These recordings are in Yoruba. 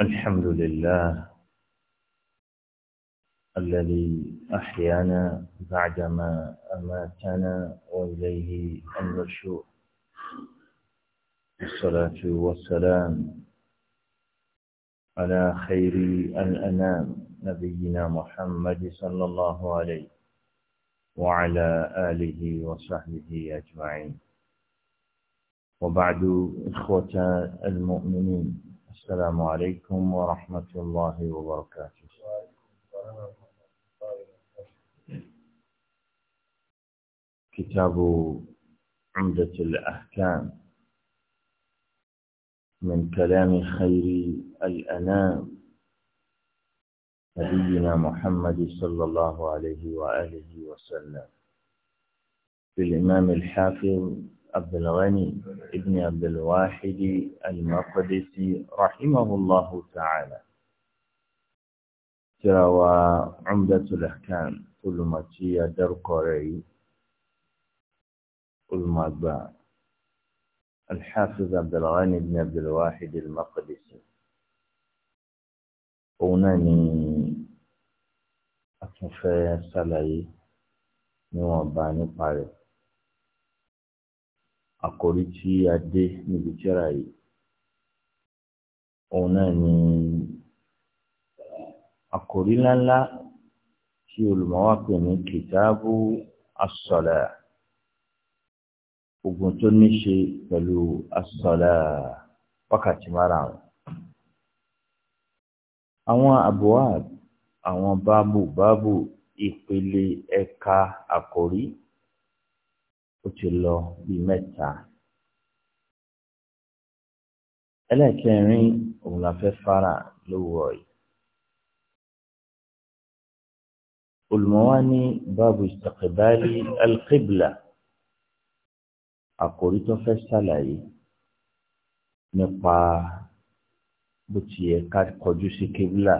الحمد لله الذي أحيانا بعدما أماتنا وإليه النشور الصلاة والسلام على خير الأنام نبينا محمد صلى الله عليه وعلى آله وصحبه أجمعين وبعد إخوة المؤمنين السلام عليكم ورحمة الله وبركاته كتاب عمدة الأحكام من كلام خير الأنام نبينا محمد صلى الله عليه وآله وسلم للإمام الحافظ عبد الغني ابن عبد الواحد المقدسي رحمه الله تعالى ترى عمدة الأحكام كل ما تيا درقري كل ما الحافظ عبد الغني بن عبد الواحد المقدسي أوناني أتوفى سلعي نوع باني بارك àkórí tí a dé níbi tíra yìí òun náà ni àkórí ńláńlá tí olùmọ̀wá pè ní kìtàbù asọ̀là ogun tó ní ṣe pẹ̀lú asọ̀là wákàtí márùn-ún àwọn àbúwá àwọn báàbù báàbù ìpele ẹ̀ka àkórí ó ti lọ bíi mẹ́ta. ẹlẹ́kẹrin òun la fẹ́ fara lówó yìí. olùmọ̀wá ní báàbù ìsàkẹ́bálí alqibla àkòrí tó fẹ́ ṣàlàyé nípa bó ti yẹ ká kọjú sí kébìlà.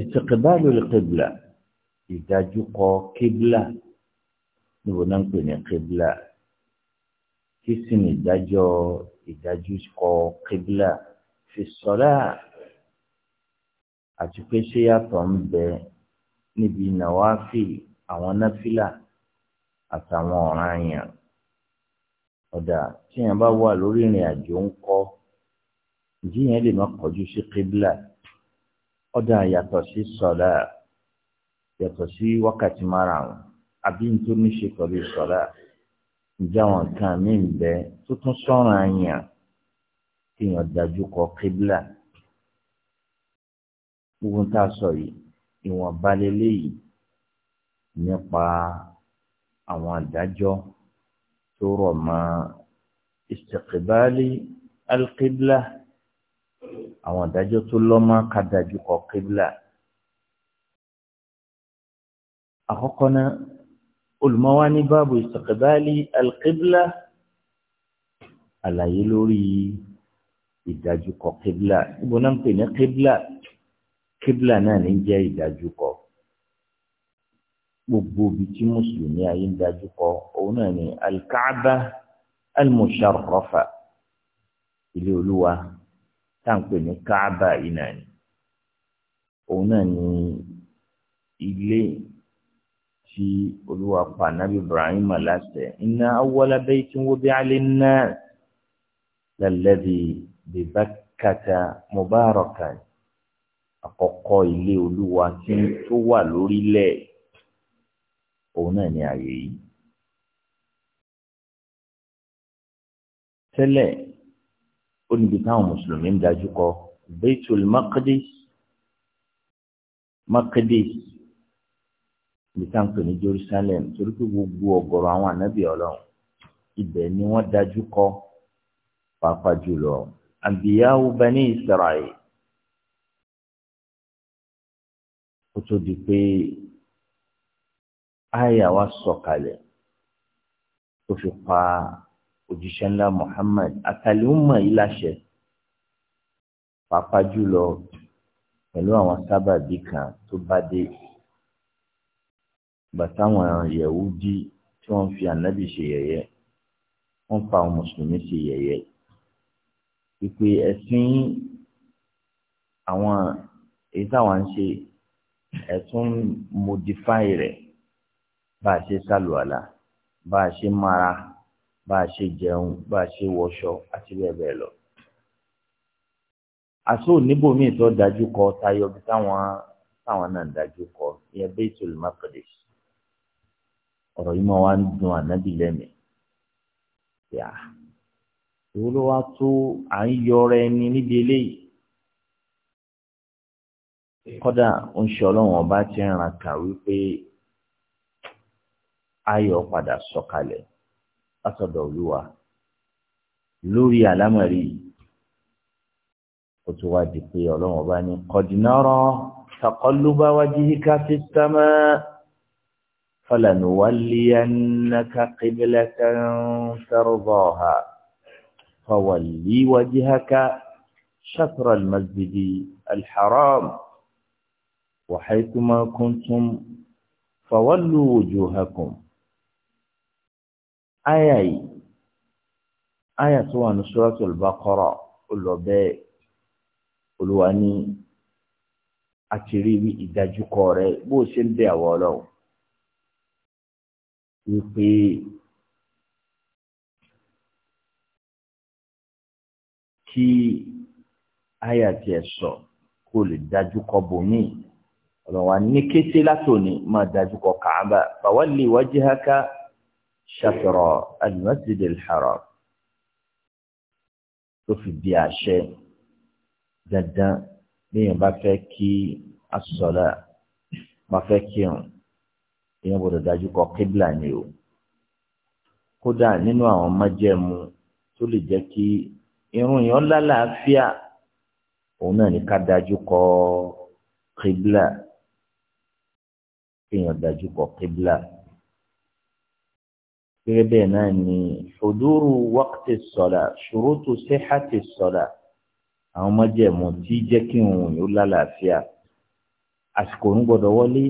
ìsàkẹ́bálí alqibla ìdájúkọ kébìlà níbo náà ń pè ní kébìlà kí sì ní ìdájọ́ ìdájú kọ kébìlà fi sọ́lá àti pé ṣé yàtọ̀ ń bẹ níbi nàwáfì àwọn náfìlà àtàwọn ọ̀ràn àyàn ọ̀dà tí yẹn bá wà lórí ìrìn àjò ń kọ́ ìdí yẹn lè má kọjú sí kébìlà ọ̀dà yàtọ̀ sí sọ́lá yàtọ̀ sí wákàtí márùn-ún àbí tó ní ṣe pẹ̀lú sọ̀rọ̀ ìjà àwọn kan mí ń bẹ tó tún sọ̀rọ̀ àyàn kéèyàn dájú kọ kébìlà gbogbo tá a sọ yìí ìwọ̀n balẹ̀ léyìí nípa àwọn àdájọ́ tó rọ̀ mọ́ istiqbali alqibla àwọn àdájọ́ tó lọ́mọ́ ká dájú kọ kébìlà àkọ́kọ́ náà olùmọ́wá ní báàbù ìsọ̀kẹ̀bálì alqibla àlàyé lórí ìdájúkọ qibla níbo náà ń pè ní qibla qibla náà ní jẹ́ ìdájúkọ gbogbo ibi tí mùsùlùmí ayé ń dájúkọ òun náà ní alkaaba almusharrafa ilé olúwa tá ní kaaba yìí òun náà ní ilé tí olúwa pa nábì Ibrahim láṣẹ inna awwala baytin wudi'a lin-nas lalladhi bi Bakkata mubarakan àkọ́kọ́ ilé olúwa tí tó wà lórílẹ̀ òun náà ni ààyè yìí. tẹ́lẹ̀ ó níbi táwọn mùsùlùmí ń dájú kọ Baitul Maqdis Maqdis ibi tá à ń pè ní Jerusalem torí pé gbogbo ọ̀gọ̀rọ̀ àwọn ànábì Ọlọ́run ibẹ̀ ni wọ́n dájú kọ pàápàá jùlọ àbíyáwó bani Israel kó tó di pé àyà wa sọ̀kalẹ̀ tó fi pa òjíṣẹ́ ńlá Muhammad àtàlùmọ yìí láṣẹ pàápàá jùlọ pẹ̀lú àwọn sábàbí kan tó bá dé bàtàwọn Yahudi tí wọ́n fi ànábì ṣe yẹ̀yẹ́ wọ́n fa àwọn mùsùlùmí ṣe yẹ̀yẹ́ ìpè ẹ̀sìn àwọn èyí táwọn ń ṣe ẹ̀tún modify rẹ̀ bá a ṣe sàlùwàlà bá a ṣe mara bá a ṣe jẹun bá a ṣe wọṣọ àti bẹ́ẹ̀ bẹ́ẹ̀ lọ. àṣọ oníbòmíì tó dájú kọ tayọ bí táwọn táwọn náà dájú kọ ìyẹn Baitul Maqdis ọ̀rọ̀ yìí máa wá ń dun ànábì lẹ́mìí ló wá tó à ń yọra ẹni níbi eléyìí kódà ń ọlọ́run ọba ti ń ran kà wípé ayọ̀ padà sọ̀kalẹ̀ látọ̀dọ̀ olúwa lórí àlámọ̀rí ó tún wá di pé ọlọ́run ọba ní فلنولينك قبلة تَرْضَاهَا فولي وَجْهَكَ شطر المسجد الْحَرَامِ وَحَيْثُمَا كُنْتُمْ فولوا وجوهكم آيَةٌ آية سوى سورة البقرة olùọbẹ الْوَانِي ni àti rí ìdájú kọ wípé kí àyà tiẹ̀ sọ kó lè dájú kọ bòmí ọlọ́wà ní kété látòní máa dájú kọ kàába fawalli wajhaka shatra al-masjid al-haram tó fi di àṣẹ dandan bí yẹn fẹ́ kí asọ̀lá bá fẹ́ kírun èèyàn gbọ́dọ̀ dájú kọ kíbla ni o kódà nínú àwọn májẹ̀mú tó lè jẹ́ kí irun yẹn lálàáfíà òun náà ní ká dájú kọ kíbla kéèyàn dájú kọ kíbla gẹ́gẹ́ bẹ́ẹ̀ náà ni huduru wákàtí sọ̀la ṣurutu sihati sọ̀la àwọn májẹ̀mú tí jẹ́ kí irun yẹn lálàáfíà àsìkò ń gbọ́dọ̀ wọlé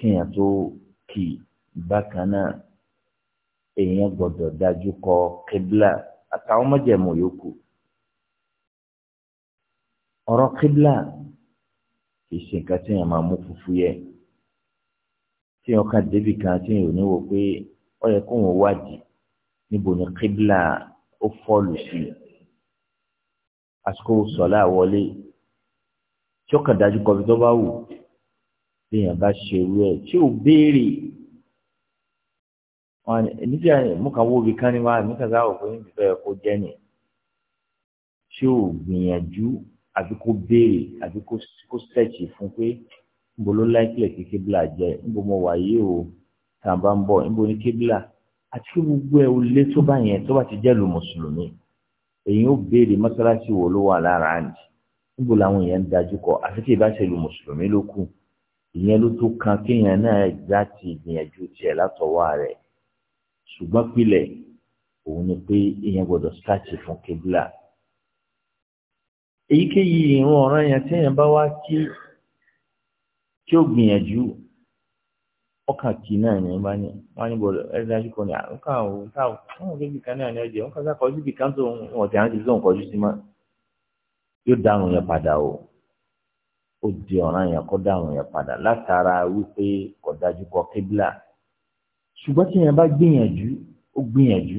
kíyàn tó kì bákan náà èèyàn gbọ́dọ̀ dájú kọ kíbla àtàwọn mọ̀jẹ̀mú yòókù ọ̀rọ̀ kíbla kì tí èèyàn máa mú fufu yẹ tí èèyàn kan débì kan tí èèyàn ò ní wo pé ó yẹ kó wọn wádìí níbo ni kíbla ó fọ́ọ̀lù sí àsìkò sọ̀lá wọlé tí ó kàn dájú kọ bí tó bá wù téèyàn bá ṣe irú ẹ̀ tí ò béèrè wọn níbi àyè mú kàn wóbi kán ní wá mí kàn sáwọ pé níbi fẹ́ kó jẹ́ nì tí ò gbìyànjú àbí kó béèrè àbí kó sẹ́ẹ̀tì fún pé níbo ló láìpẹ́ kí kébìlà jẹ́ níbo mo wà yìí o tá a bá ń bọ̀ níbo ni kébìlà àti kí gbogbo ẹ̀ ò lé tó bá yẹn tó bá ti jẹ́ lu mùsùlùmí èyí ó béèrè mọ́sálásí wo ló wà lára àǹtí níbo làwọn èèyàn ń dájú kọ àfi tí ì bá ṣe lu mùsùlùmí ló kù ìyẹn ló tó kan kéèyàn náà gbá ìgbìyànjú tiẹ̀ látọwọ́ rẹ̀ ṣùgbọ́n pilẹ̀ òun ni pé èèyàn gbọ́dọ̀ ṣáàtì fún kébìlà èyíkéyìí ìrun ọ̀ràn yẹn téèyàn bá wá kí kí ó gbìyànjú ọkàn kì náà ni wọn bá ní wọn ní bọlọ ẹ dájú kan ní àǹkà òun tá òun débi kan náà ní ọjọ́ wọn kàn sá kọjú bí kan tó wọn ti ó di ọ̀ràn yẹn kó dáhùn yẹn padà látara wípé kò dájú kọ kébìlà ṣùgbọ́n tí yẹn bá gbìyànjú ó gbìyànjú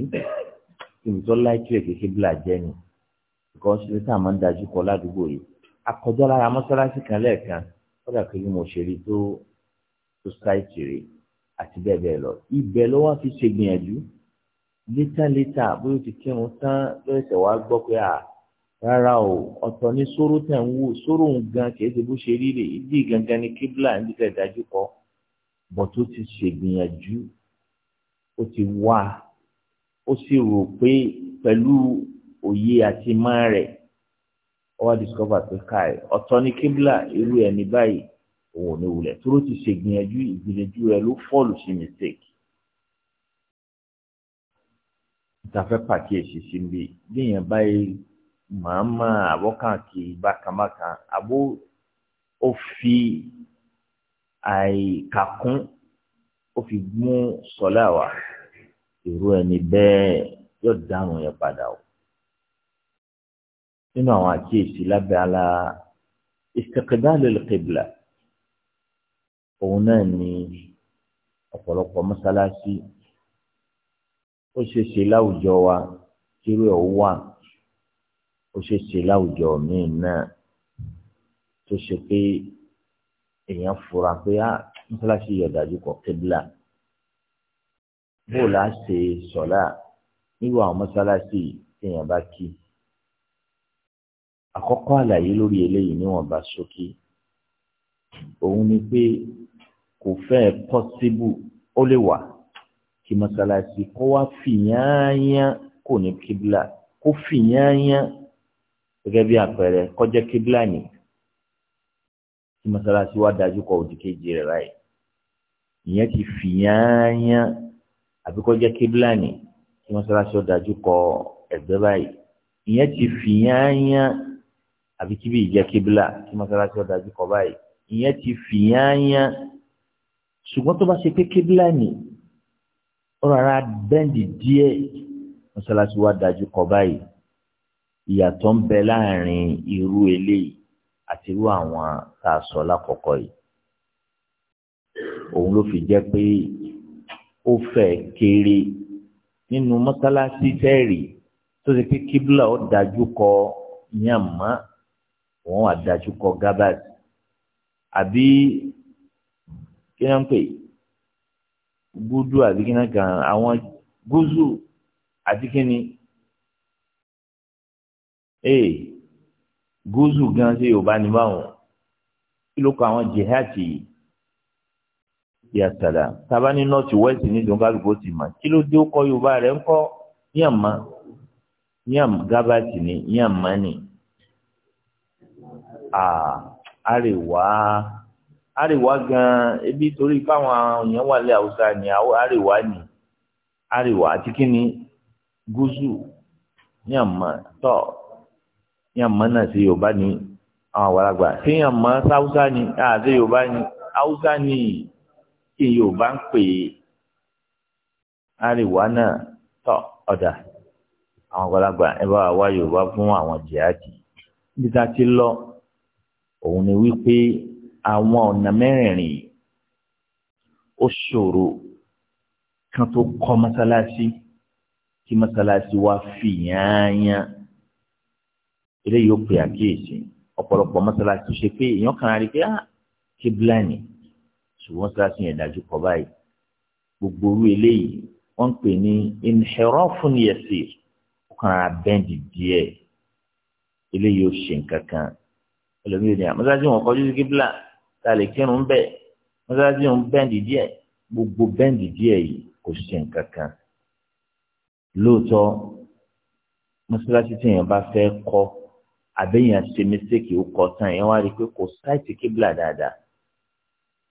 kìmí tó láìkí èké kébìlà jẹ́ ni nǹkan ṣe tá a máa ń dájú kọ ládùúgbò yìí akọjọ́ lára mọ́sálásí kan lẹ́ẹ̀kan kódà pé bí mo ṣe rí tó tó sáìtì rè àti bẹ́ẹ̀ bẹ́ẹ̀ lọ ibẹ̀ ló wá fi ṣe gbìyànjú bóyá ti kírun tán lọ́sẹ̀ wá gbọ́ pé à rárá o ọ̀tọ̀ ní sóró tẹ̀ ń wò sóró ń gan kìí ṣe bó ṣe rí rè ìdí gangan ní kíbla ń dídá ìdájú kọ bọ̀ tó ti ṣègbìyànjú ó ti wá ó sì rò pé pẹ̀lú òye àti má rẹ̀ ó wá discover pé káì ọ̀tọ̀ ní kíbla irú ẹ̀ ní báyìí òun ò ní wulẹ̀ tó ló ti ṣègbìyànjú ìgbìyànjú rẹ̀ ló fọ́ọ̀lù sí mistake. ìtafẹ́ pàkíyèsí sí bí bí èèyàn báyìí màmá àbọ̀kànkì bákanbákan àbó ó fi àìkàkún ó fi mú sọlá wa irú ẹni bẹ́ẹ̀ yóò dáhùn yẹn padà o nínú àwọn àkíyèsí lábẹ́ ala istiqbal al-qibla òun náà ni ọ̀pọ̀lọpọ̀ mọ́sálásí ó ṣeéṣe láwùjọ wa kí irú ẹ̀ ó ó ṣe ṣe láwùjọ míì náà tó ṣe pé èèyàn fura pé á ah, mọ́ṣáláṣí yọ̀dájú kọ kébìlà bóòlù á ṣe sọ̀lá nírú àwọn mọ́ṣáláṣí téèyàn bá kí àkọ́kọ́ àlàyé lórí eléyìí níwọ̀nba ṣókí òun ni pé kò fẹ́ pọ́síbù ó lè wà kí mọ́ṣáláṣí kó wá fìyàáyán kò ní kébìlà kó fìyàáyán gẹ́gẹ́ bí àpẹẹrẹ kọjá kíbla ni tí mọ́sálásí wa dájú kọ òdì kejì rẹ̀ ráì ìyẹn ti fìyàáyá àbí kọjá kíbla ni tí mọ́sálásí wa dájú kọ ẹ̀gbẹ́ báyìí ìyẹn ti fìyàáyá àbí kíbi ìjẹ́ kíbla tí mọ́sálásí wa dájú kọ báyìí ìyẹn ti fìyàáyá ṣùgbọ́n tó bá ṣe pé kíbla ni ó rárá bẹ́ǹdì díẹ̀ mọ́sálásí wa dájú kọ báyìí ìyàtọ̀ ń bẹ láàrin irú eléyìí àti irú àwọn tá a sọ lákọ̀ọ́kọ́ yìí òun ló fi jẹ́ pé ó fẹ́ kéré nínú mọ́sálásí fẹ́ẹ̀rì tó ti pé kíbla ó dájú kọ yàmá òun á dájú kọ gábàt àbí kí náà ń pè gúdú àbí kí náà kàn àwọn gúúsù àti kí ni ee gúúsù gan ṣe yorùbá ni báwọn kí ló kọ àwọn jihati yìí yàtàlà taba ní north west ní dùnkàlùkò ti mà kí ló dé ó kọ yorùbá rẹ ń kọ yàmà yàm gabati ni yàmà ni àríwá ah, àríwá gan ebi torí káwọn èèyàn wà lé haúsá ni àríwá ni àríwá àti kí ni gúúsù yàmà tọ́ọ̀ yàn mọ́ náà sí yorùbá ni àwọn àwàlagbà tí yàn mọ́ sáúsá ni àti yorùbá ni haúsá ni kí yorùbá ń pè é àríwá náà tọ̀ ọ̀dà àwọn àgbàlagbà ẹ bá wá yorùbá fún àwọn jihadi níbi tá a ti lọ òun ni wípé àwọn ọ̀nà mẹ́rẹ̀ẹ̀rin ó ṣòro kan tó kọ́ mọ́sálásí kí mọ́sálásí wá fi yányán eléyìí ó pè àkíyèsí ọ̀pọ̀lọpọ̀ mọ́sálásí ṣe pé èèyàn kan rí pé á ah, kíbla ni ṣùgbọ́n mọ́sálásí yẹn dájú kọ báyìí gbogbo orú eléyìí wọ́n ń pè ní inhirafun yasir ó kàn á bẹ́ǹdì díẹ̀ eléyìí ó ṣe nǹkan kan ẹlòmíràn ní àmọ́sálásí ah, wọn kọjú sí kíbla tá a lè kírun bẹ́ẹ̀ mọ́sálásí wọn bẹ́ǹdì díẹ̀ gbogbo bẹ́ǹdì díẹ̀ yìí kò ṣe nǹkan kan lóòótọ́ mọ́sálásí tí èèyàn bá fẹ́ kọ́ àbẹ̀yàn ṣe mistake ó kọ tán ẹ̀ wá rí i pé kò sáìtì kíbla dáadáa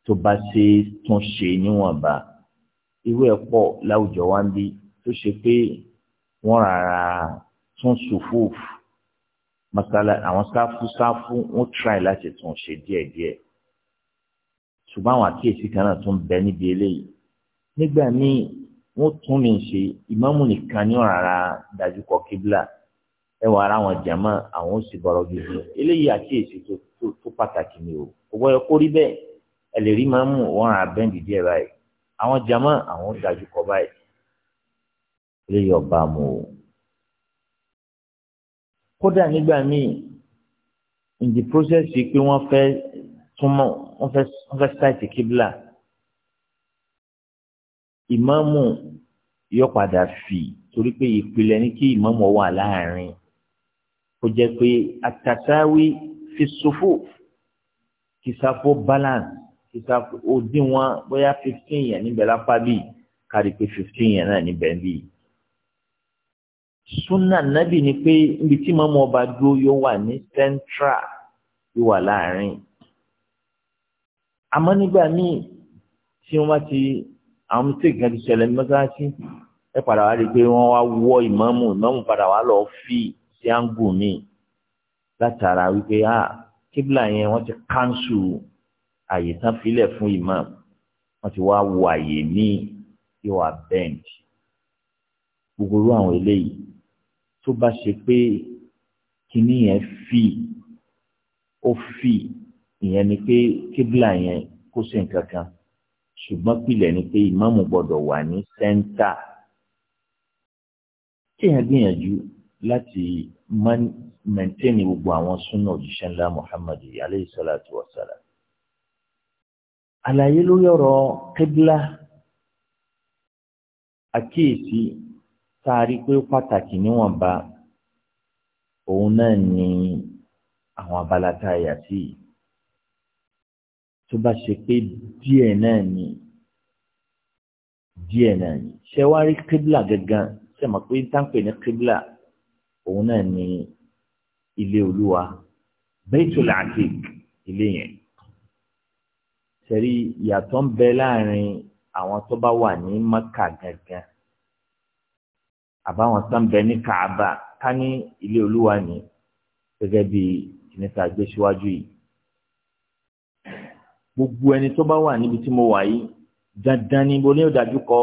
tó bá ṣe tún ṣe níwọ̀nba irú ẹ̀ pọ̀ láwùjọ wa ń bí tó ṣe pé wọ́n rárá tún sùfúùfù masala àwọn sáfù sáfù wọ́n try láti tún ṣe díẹ̀díẹ̀ ṣùgbọ́n àwọn àkíyèsí kan náà tún bẹ níbi eléyìí nígbà míì wọ́n tún lè ṣe ìmáàmù nìkan ní ọ̀rọ̀ dájú kọ kíbla ẹ wà ara àwọn jàmá àwọn ó sì bọ̀rọ̀ gidi eléyìí àkíyèsí tó tó pàtàkì ni o kò gbọ́dọ̀ kó rí bẹ́ẹ̀ ẹ lè rí máa ń mú wọn ràn abẹ́ǹdì díẹ̀ báyìí àwọn jàmá àwọn ó dájú kọ báyìí eléyìí ọba mu o kódà nígbà míì in the process yìí pé wọ́n fẹ́ túmọ̀ wọ́n fẹ́ wọ́n fẹ́ ṣáìtì kíbla ìmáàmù yóò padà fì torí pé ìpìlẹ̀ ní kí ìmáàmù wà láàrin kó jẹ́ pé àtàtàwí fi sòfò kìsàfò balance kìsàfò òdiwọ̀n bóyá fifteen yẹn níbẹ̀ lápá bíi kárí pé fifteen yẹn náà níbẹ̀ bíi. súnà nábì ni pé níbi tí màmú ọba dúró yóò wà ní central yóò wà láàrin. àmọ́ nígbà míì tí wọ́n bá ti àwọn mistake kan ti ṣẹlẹ̀ ní mọ́sálásí ẹ padà wá rí i pé wọ́n wá wọ́ ìmáàmù ìmáàmù padà wá lọ́ọ́ fíì sí áńgù míì látara wípé a ah, kíbla yẹn wọ́n ti kánṣu àyè tán filẹ̀ fún imam wọ́n ti wá wo àyè míì yóò wá bẹ́ǹdì gbogbo àwọn eléyìí tó bá ṣe pé kinní yẹn fì ó fì ìyẹn ni pé kíbla yẹn kó ṣe nǹkan ṣùgbọ́n pilẹ̀ ni pé ìmáàmù gbọ́dọ̀ wà ní sẹ́ńtà kí èèyàn gbìyànjú láti mẹ́ntẹ́nì gbogbo àwọn súnà òjíṣẹ́ ńlá Muhammad alayhi salatu wa salam. àlàyé lórí ọ̀rọ̀ kébílà àkíyèsí tá a rí pé pàtàkì níwọ̀nba òun náà ni àwọn abala tá a yà sí yìí tó bá ṣe pé díẹ̀ náà ni díẹ̀ náà ni ṣé wá rí kébìlà gangan ṣe mọ̀ pé táǹpẹ̀ ní kébìlà òun náà ni ilé olúwa Baitul Atiq ilé yẹn sẹ́rí ìyàtọ̀ ń bẹ láàrin àwọn tó bá wà ní Mẹ́kà gangan àbáwọn tó ń bẹ ní Kaaba ká ní ilé olúwa ni gẹ́gẹ́ bí ìníta gbé síwájú yìí gbogbo ẹni tó bá wà níbi tí mo wà yìí dandan ni mo ní ìdájú kọ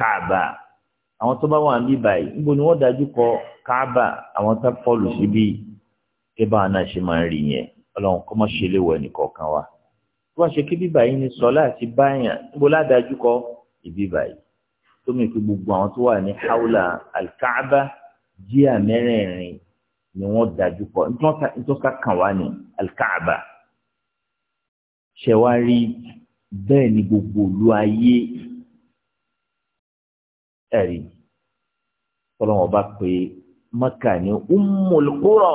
Kaaba àwọn tó bá wà níbí báyìí níbo ni wọ́n dájú kọ káàbà àwọn tó kọlù síbí kébà náà ṣe máa ń rí yẹn ọlọ́run kọ́ mọ́ ṣe léwọ ẹnìkọ̀ọ̀kan wa tó bá ṣe kí bíbà yìí ni sọ láti báyàn níbo ládájú kọ ìbíbà yìí tó mi fi gbogbo àwọn tó wà ní haula alkaaba jíà mẹ́rẹ̀ẹ̀rin ni wọ́n dájú kọ nítorí kàn wá ní alkaaba ṣẹ̀wá rí bẹ́ẹ̀ ni gbogbo olú ayé ẹ̀rí tọ́lọ́wọ́n bá pé maka ní ummul qura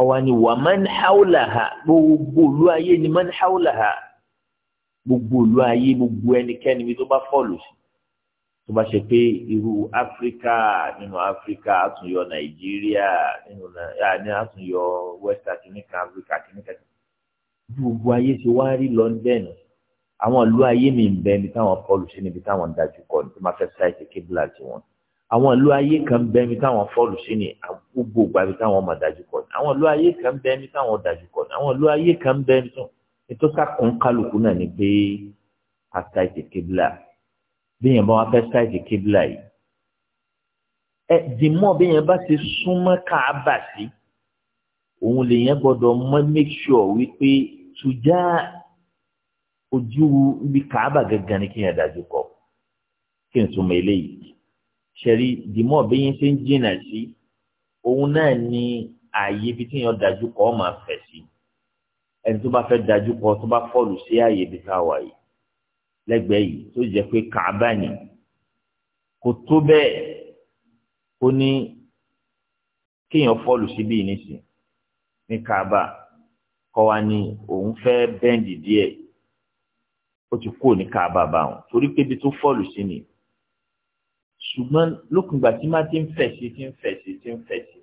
ọwọ́ ni wà man hawlaha gbogbo olú ayé ni man hawlaha gbogbo olú ayé gbogbo ẹnikẹ́ni mi tó bá fọ́ọ̀lù sí tó bá ṣe pé irú áfíríkà nínú áfíríkà àtúnyọ nàìjíríà nínú àtúnyọ west africa áfíríkà kìnnìkan gbogbo ayé ti wá rí london àwọn ìlú ayé mi ń bẹ níbi táwọn paul ṣe níbi táwọn ń dájú kọ níbi máa fẹ́ ṣáìtì kébìlà tiwọn àwọn ìlú ayé kan bẹ níbi táwọn paul ṣe ní gbogbo ìgbà níbi táwọn máa dájú kọ àwọn ìlú ayé kan bẹ níbi táwọn dájú kọ àwọn ìlú ayé kan bẹ níbi tó ètò sàkún kálukú náà ni pé a ṣáìtì kébìlà bí yẹn bá wọn fẹ́ ṣáìtì kébìlà yìí ẹ dìmọ́ bí yẹn bá ti súnmọ́ káàbà sí òun lèyẹn gbọ́dọ̀ mọ́ make sure wípé tùjá ojú ibi kàába gangan ni kéèyàn dájú kọ kí n tún mọ eléyìí ṣẹ̀rí dìmọ́ bẹ́yìn ṣe ń jìnnà sí òun náà ni ààyè ibi tí èèyàn dájú kọ ọ́ máa fẹ̀ sí ẹni tó bá fẹ́ dájú kọ tó bá fọ́ọ̀lù sí ààyè ibi tá a wà yìí lẹ́gbẹ̀ẹ́ yìí tó jẹ́ pé kàába ni kò tó bẹ́ẹ̀ kó ní kéèyàn fọ́ọ̀lù síbí nísìn ní kàába kọ́ wa ni òun fẹ́ bẹ́ǹdì díẹ̀ ó ti kó ní káàbà bá wọn torí pé ibi tó fọ́ọ̀lù sí ni ṣùgbọ́n lókun ìgbà tí má ti ń fẹ̀ sí ti ń fẹ̀ sí ti ń fẹ̀ sí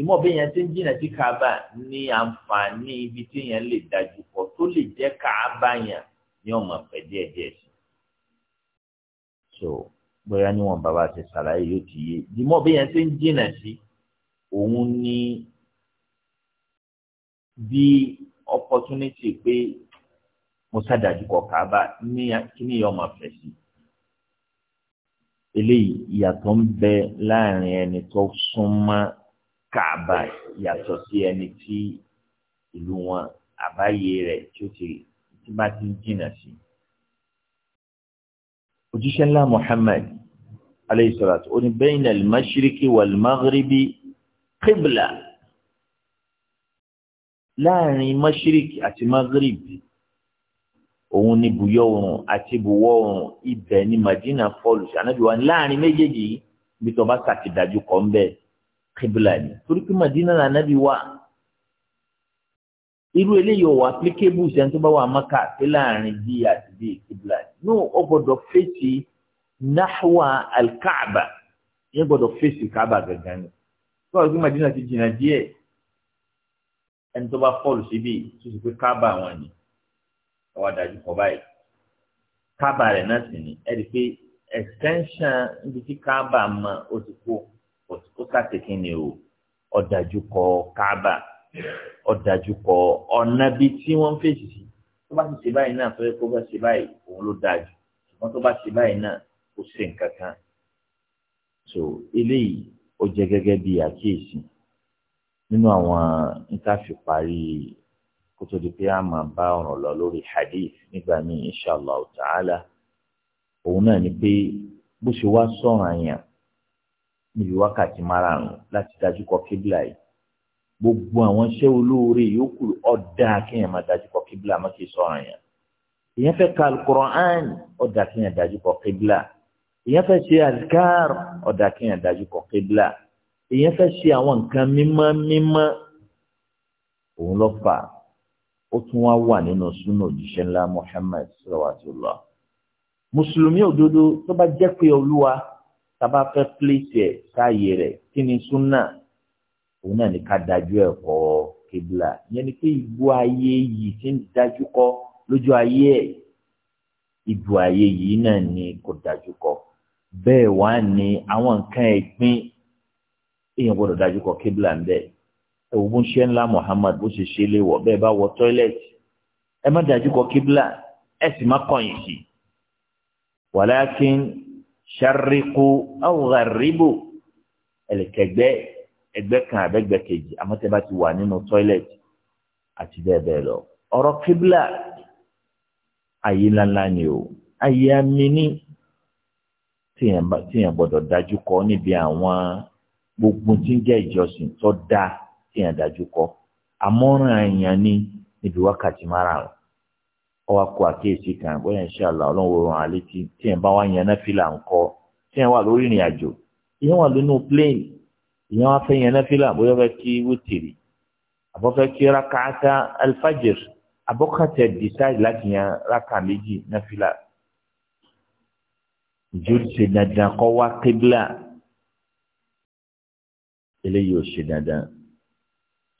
ìmọ̀ bí yẹn ti ń jìnnà sí káàbà ní àǹfààní ibi tí yẹn lè dájú pọ̀ tó lè jẹ́ káàbà yẹn ní ọmọ pẹ̀ díẹ̀ díẹ̀ sí. so bóyá níwọ̀n bàbá ti ṣàlàyé yóò ti yé ìmọ̀ bí yẹn ti ń jìnnà sí òun ni bí opportunity pé mo sádàjú kọ káàbà ní kíní yọ ọmọ fẹ sí eléyìí ìyàtọ̀ ń bẹ láàrin ẹni tó súnmọ́ káàbà yàtọ̀ sí ẹni tí ìlú wọn àbáyé rẹ̀ tí ó ti tí bá ti ń jìnnà sí. òjíṣẹ́ ńlá Muhammad alayhi salatu ó ní bayna al-mashriqi wal láàrin mashiriki àti maghribi òun ni bùyọ àti bùwọ̀ ibẹ̀ ni Madina fọlù sànàbí wa láàrin méjèèjì bí tó bá sàtìdájú kọ́ ń bẹ̀ kíbla ni torí pé Madina là nàbí wa irú eléyìí ò wá applicable sẹ́ni tó bá wà Maka sí láàrin bí àti bí kíbla ní o gbọ́dọ̀ fèsì nahwa alkaaba yẹn gbọ́dọ̀ fèsì kaaba gẹ́gẹ́ ni tó pé Madina ti jìnnà díẹ̀ ẹni tó bá fọlù síbi tó sì pé kaaba wọn ni ọwọ́ dájú kọ báyìí kábà rẹ̀ náà sì ni ẹ rí extension níbi tí kábà mọ ó ti kó ni o ọ̀dájú kọ kábà ọ̀dájú kọ ọ̀nà bíi tí wọ́n fèsì sí tó bá ti ṣe báyìí náà fẹ́ kó bá ṣe báyìí òun ló dáa jù tó bá ṣe báyìí náà kò ṣe nǹkan so eléyìí ó jẹ́ gẹ́gẹ́ bí àkíyèsí nínú àwọn níta fi parí kó tó di pé a máa bá ọ̀rọ̀ lọ lórí hadith nígbà míì inshallah ta'ala òun náà ni pé bó ṣe wá sọ̀rọ̀ àyàn níbi wákàtí márààrún láti dájú kọ kíbla yìí gbogbo àwọn iṣẹ́ olóore yòókù ọ̀dà kéèyàn máa dájú kọ kíbla má kì í sọ̀rọ̀ àyàn èèyàn fẹ́ ka alukur'an ọ̀dà kéèyàn dájú kọ kíbla èèyàn fẹ́ ṣe azikar ọ̀dà kéèyàn dájú kọ kíbla èèyàn fẹ́ ṣe àwọn nǹkan mímọ́ mímọ́ òun ló fà á ó tún wá wà nínú súnà òjíṣẹ́ ńlá Muhammad salawatullah mùsùlùmí òdodo tó bá jẹ́ pé olúwa tábà fẹ́ pílẹ̀sì ẹ̀ sáàyè rẹ̀ kí ni súnà òun náà ní ká dájú ẹ̀ kọ́ kébìlà yẹn ni pé ìbú ayé yìí ti ń dájú kọ lójú ayé ẹ̀ ìbú ayé yìí náà ni kò dájú kọ bẹ́ẹ̀ wá ní àwọn nǹkan ẹ̀gbin èèyàn gbọ́dọ̀ dájú kọ kébìlà ń bẹ́ẹ̀ ẹ̀wọ̀n bó ń ṣe ńlá Muhammad bó ṣe ṣe léwọ̀ bẹ́ẹ̀ bá wọ tọ́ílẹ̀tì ẹ má dájú kọ kíbla ẹ sì má kọ̀yìn sí i wàlákin ṣàríkù awùhàríbù ẹ̀lẹ́kẹ̀gbẹ́ ẹgbẹ́ kan àbẹ́gbẹ́ kejì àmọ́tẹ́bá ti wà nínú tọ́ílẹ̀tì àti bẹ́ẹ̀ bẹ́ẹ̀ lọ ọ̀rọ̀ kíbla ayé ńláńlá ni o ayé àmì tíyẹn gbọ́dọ̀ dájú kọ níbi àwọn gbogbo tí ń jẹ́ ìjọsìn tó dáa. yàn dájú kọ àmọ́ràn èèyàn ní níbi wákàtí márààrún ọwọ́ kó àkíyèsí kan bóyá inṣàlá ọlọ́run oorun àlétí tí yẹn bá wá yan náfìlà ńkọ tí yẹn wà lórí àjò ìyẹn wà plane ìyẹn fẹ́ yan bóyá fẹ́ kí àbọ̀fẹ́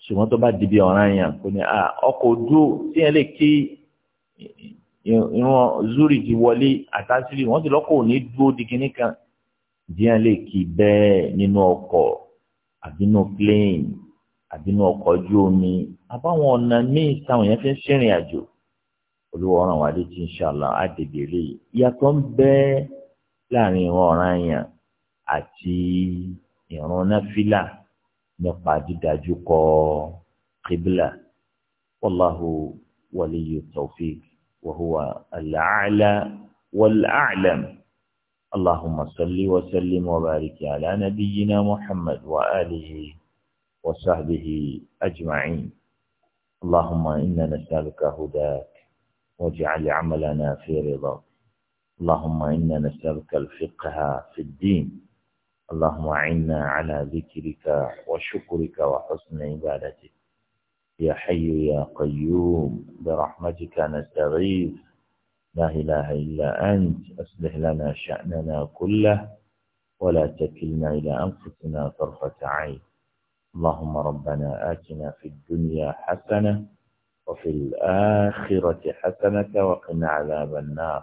ṣùgbọ́n tó bá di bí ọ̀ràn yẹn kò ní ah, ọkọ̀ ojú tí yẹn lè kí ìran zuri ti wọlé àtàsírí wọ́n ti lọ́kọ̀ òní dúró di kinní kan díẹ̀ lè kí bẹ́ẹ̀ nínú ọkọ̀ àbínú plane àbínú ọkọ̀ ojú omi àbáwọn ọ̀nà míì táwọn yẹn fi ń ṣìrìn àjò olúwa ọ̀ràn wa létí inshallah àdègbè léyìí ìyàtọ̀ ń bẹ láàrin ìran ọ̀ràn yẹn àti ìran náfìlà nípa dídájú kọ kíbílà wallahu waliyyu tawfiq wa huwa al اللهم صل وسلم وبارك على نبينا محمد وآله وصحبه أجمعين اللهم إنا نسألك هداك واجعل عملنا في رضاك اللهم إنا نسألك الفقه في الدين اللهم أعنا على ذكرك وشكرك وحسن عبادتك يا حي يا قيوم برحمتك نستغيث لا إله إلا أنت أصلح لنا شأننا كله ولا تكلنا إلى أنفسنا طرفة عين اللهم ربنا آتنا في الدنيا حسنة وفي الآخرة حسنة وقنا عذاب النار